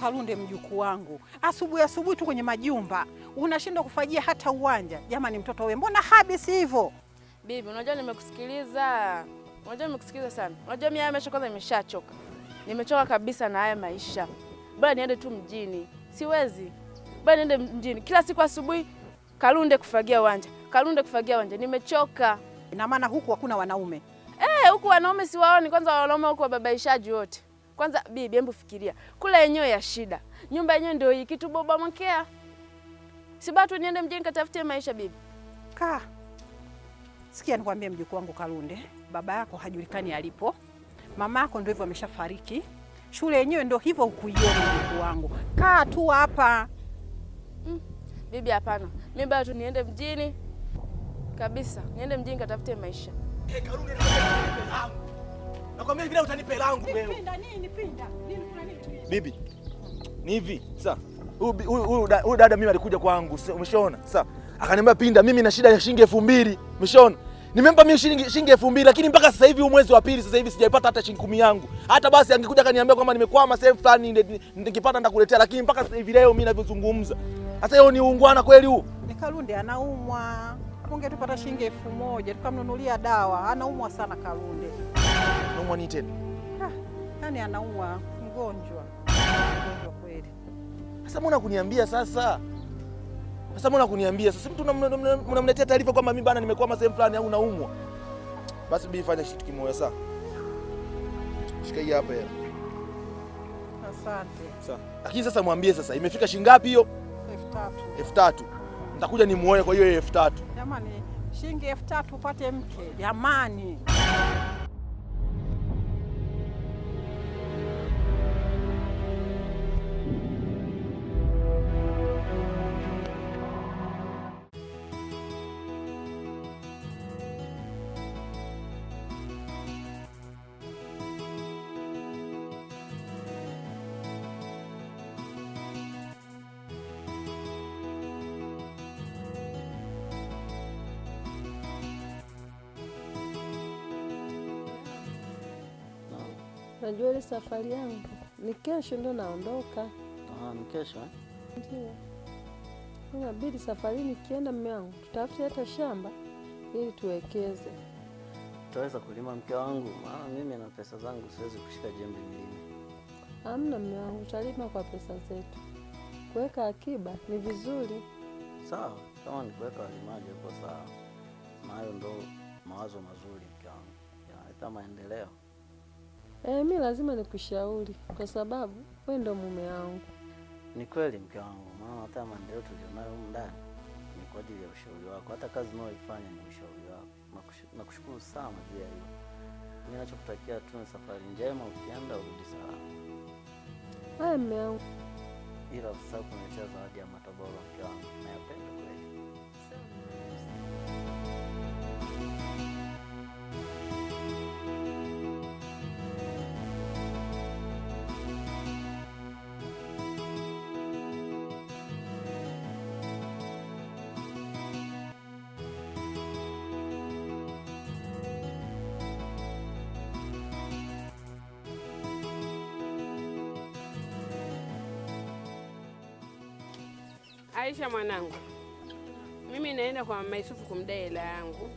Kalunde mjukuu wangu, asubuhi asubuhi tu kwenye majumba unashindwa kufagia hata uwanja. Jamani mtoto wewe, mbona habisi hivyo? Bibi, unajua nimekusikiliza, unajua nimekusikiliza sana. Unajua mimi haya maisha kwanza nimeshachoka, nimechoka kabisa na haya maisha. Bora niende tu mjini, siwezi. Bora niende mjini kila siku asubuhi, Kalunde kufagia uwanja, Kalunde kufagia uwanja, nimechoka. Ina maana huku hakuna wanaume eh? Huku wanaume siwaoni, kwanza wanaume huku wababaishaji wote kwanza bibi, hebu fikiria kula yenyewe ya shida, nyumba yenyewe ndio hii kitu boba mwekea, si bado niende mjini katafutie maisha bibi. Ka sikia, nikwambie mjukuu wangu Kalunde, baba yako hajulikani alipo, mama yako ndio hivyo ameshafariki, shule yenyewe ndio hivyo ukuiona. Mjukuu wangu, kaa tu hapa mm. Bibi, hapana, mimi bado niende mjini kabisa, niende mjini katafute maisha. Nakwambia vile utanipe langu wewe. Pinda nini Pinda. Nini kuna nini? Bibi. Ni hivi, sasa huyu huyu dada mimi alikuja kwangu, umeshaona? Sasa akaniambia pinda, mimi na shida ya shilingi 2000, umeshaona? Nimempa mimi shilingi shilingi 2000 lakini mpaka sasa hivi mwezi wa pili sasa hivi sijaipata hata shilingi 10 yangu. Hata basi angekuja akaniambia kwamba nimekwama sehemu fulani nikipata nitakuletea lakini mpaka sasa hivi leo mimi ninavyozungumza. Sasa hiyo ni uungwana kweli huu? Ni Kalunde anaumwa. Ungetupata shilingi 1000 tukamnunulia dawa. Anaumwa sana Kalunde. Naumwa ni tena nani anaumwa? Mgonjwa mgonjwa kweli. Sasa mbona kuniambia sasa? Sasa mbona kuniambia sasa? Mtu mnamletea taarifa kwamba mimi bana nimekwama sehemu fulani au naumwa. Basi bibi, fanya kitu kimoja sasa. Shika hii hapa. Asante. Sasa. Lakini sasa mwambie sasa imefika shilingi ngapi hiyo? elfu tatu. Elfu tatu. Nitakuja nimuone kwa hiyo elfu tatu. Jamani, shilingi elfu tatu upate mke. Jamani. unajua ile safari yangu ni kesho, ndio naondoka. Ah, ni kesho eh? Ndio inabidi safari nikienda, mume wangu, tutafute hata shamba ili tuwekeze. Utaweza kulima mke wangu? Maana mimi na pesa zangu siwezi kushika jembe milima. Hamna mume wangu, utalima kwa pesa zetu. Kuweka akiba ni vizuri. Sawa, kama ni kuweka walimaji kwa sawa, na hayo ndo mawazo mazuri mke wangu, yanaleta maendeleo. E, mi lazima nikushauri kwa sababu we ndo mume wangu. Ni kweli mke wangu, maana hata maendeleo tulionayo humu ndani ni kwa ajili ya ushauri wako, hata kazi unayoifanya ni ushauri wako. Nakushukuru sana juu ya hiyo. Mi nachokutakia tu ni safari njema, ukienda urudi salama. Haya mme wangu, ila usisahau kuniletea zawadi ya matabaulo mke wangu, nayapenda Aisha mwanangu, mimi naenda kwa mama Yusufu kumdai hela yangu.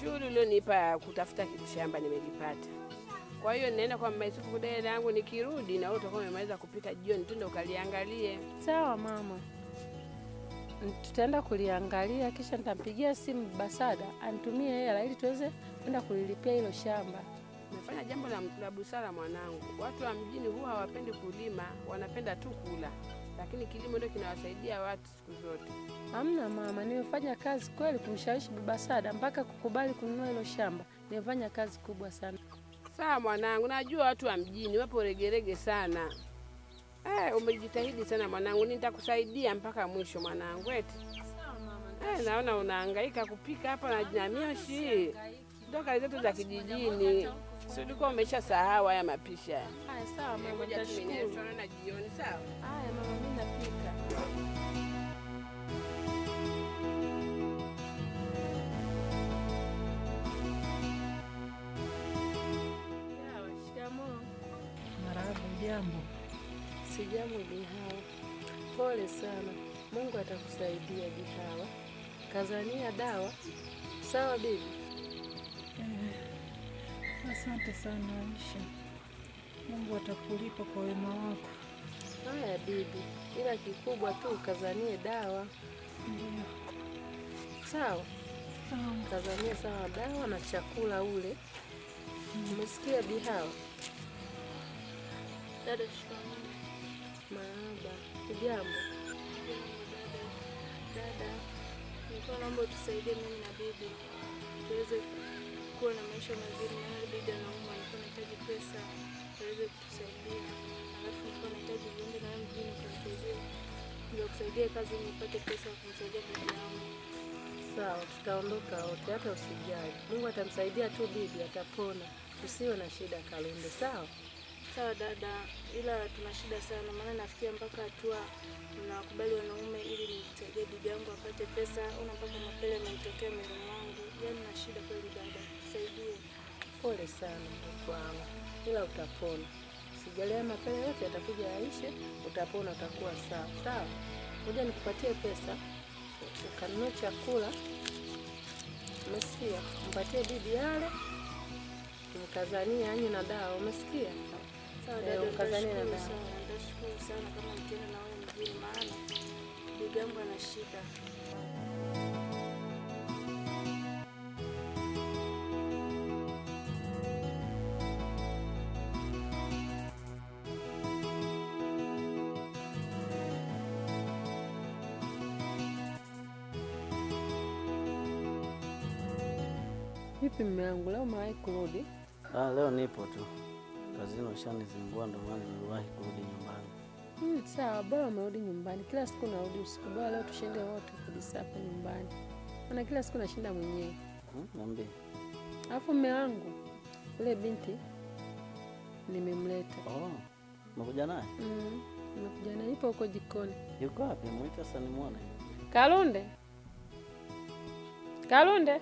Shughuli ulionipa kutafuta kitu shamba nimelipata, kwa hiyo ninaenda kwa mama Yusufu kudai hela yangu. Nikirudi na wewe utakuwa umemaliza kupita jioni, twende ukaliangalie. Sawa mama, tutaenda kuliangalia, kisha nitampigia simu Basada anitumie hela ili tuweze kwenda kulilipia hilo shamba. Nafanya jambo la, la busara mwanangu. Watu wa mjini huwa hawapendi kulima, wanapenda tu kula lakini kilimo ndio kinawasaidia watu siku zote. Hamna mama, nimefanya kazi kweli kumshawishi baba Sada mpaka kukubali kununua hilo shamba. Nimefanya kazi kubwa sana. Sawa mwanangu, najua watu wa mjini wapo regerege sana. Eh, umejitahidi sana mwanangu, nitakusaidia mpaka mwisho mwanangu, eti. Sawa mama. Eh, naona unahangaika kupika hapa na hii kutoka zetu za kijijini, si ulikuwa umesha sahau haya mapisha? Haya, sawa mama, tutaonana jioni. Sawa. Haya mama, mimi napika. Jambo. Bihawa, pole sana. Mungu atakusaidia Bihawa. Kazania dawa, sawa bibi? Asante sana Aisha, Mungu atakulipa kwa wema wako. Haya bibi, ila kikubwa tu ukazanie dawa. Ndio sawa, kazanie sawa dawa na chakula ule. Umesikia Bihawa? Dada Maaba, ujambo? Dada, nilikuwa naomba utusaidie mimi na bibi tuweze kuwa na maisha mazuri, maana bibi anaumwa, alikuwa anahitaji pesa aweze kutusaidia, alafu alikuwa anahitaji viende na wewe mjini ukamsaidia, ndio kusaidia kazi nipate pesa ya kumsaidia bibi yangu. Sawa, tutaondoka wote, hata usijali. Mungu atamsaidia tu, bibi atapona, usiwe na shida Kalunde. Sawa sawa dada, ila tuna shida sana, maana nafikia mpaka hatua nakubali wanaume ili nimsaidie bibi yangu apate pesa. Una mpaka mapele ametokea mwili wangu, yaani na shida kweli dada nisaidie. Pole sana mtoto wangu, ila utapona. Sijalia mapele yote yatakuja yaishe, utapona, utakuwa sawa sawa. Ngoja nikupatie pesa ukanunue chakula, umesikia? Mpatie bibi yale mkazanie, anywe na dawa, umesikia? Eh, mkazanie na dawa. Nashukuru sana kama mjini na wewe mjini, maana bibi yangu ana shida. Vipi mlangu, leo umewahi kurudi? Ah, leo nipo tu kazini, ushanizimbua ndio maana nimewahi kurudi nyumbani. Mm, sawa, bora umerudi nyumbani. Kila siku narudi usiku, bora leo tushinde wote kabisa hapa nyumbani, maana kila siku nashinda mwenyewe. Niambie. Hmm, alafu mume wangu ule binti nimemleta. Oh, umekuja naye? Mm, nimekuja naye, ipo huko jikoni. Yuko wapi? Mwita sasa nimuone. Kalunde, Kalunde.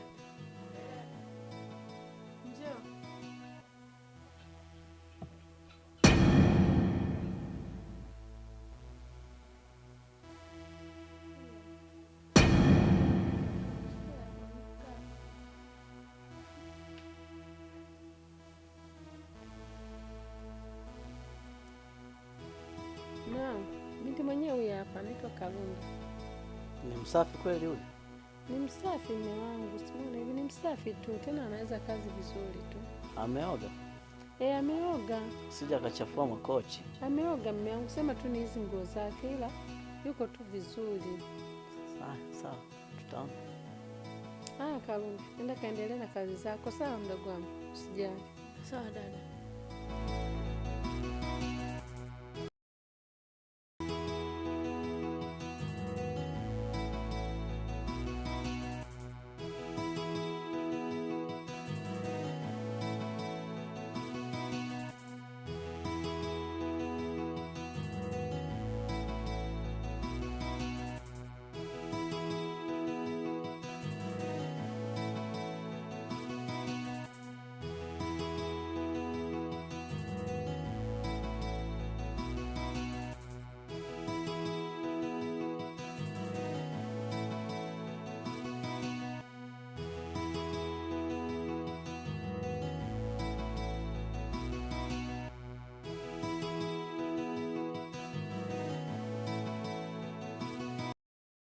mwenyewe huyu hapa anaitwa Karundi. Ni msafi kweli huyu? Ni msafi mume wangu, simuona hivi ni msafi tu, tena anaweza kazi vizuri tu. Ameoga? E, ameoga. Sija akachafua makochi. Ameoga mume wangu, sema tu ni hizi nguo zake, ila yuko tu vizuri. Sawa, tutaona. Haya Karundi, enda kaendelee na kazi zako, sawa mdogo wangu, usijali. Sawa dada.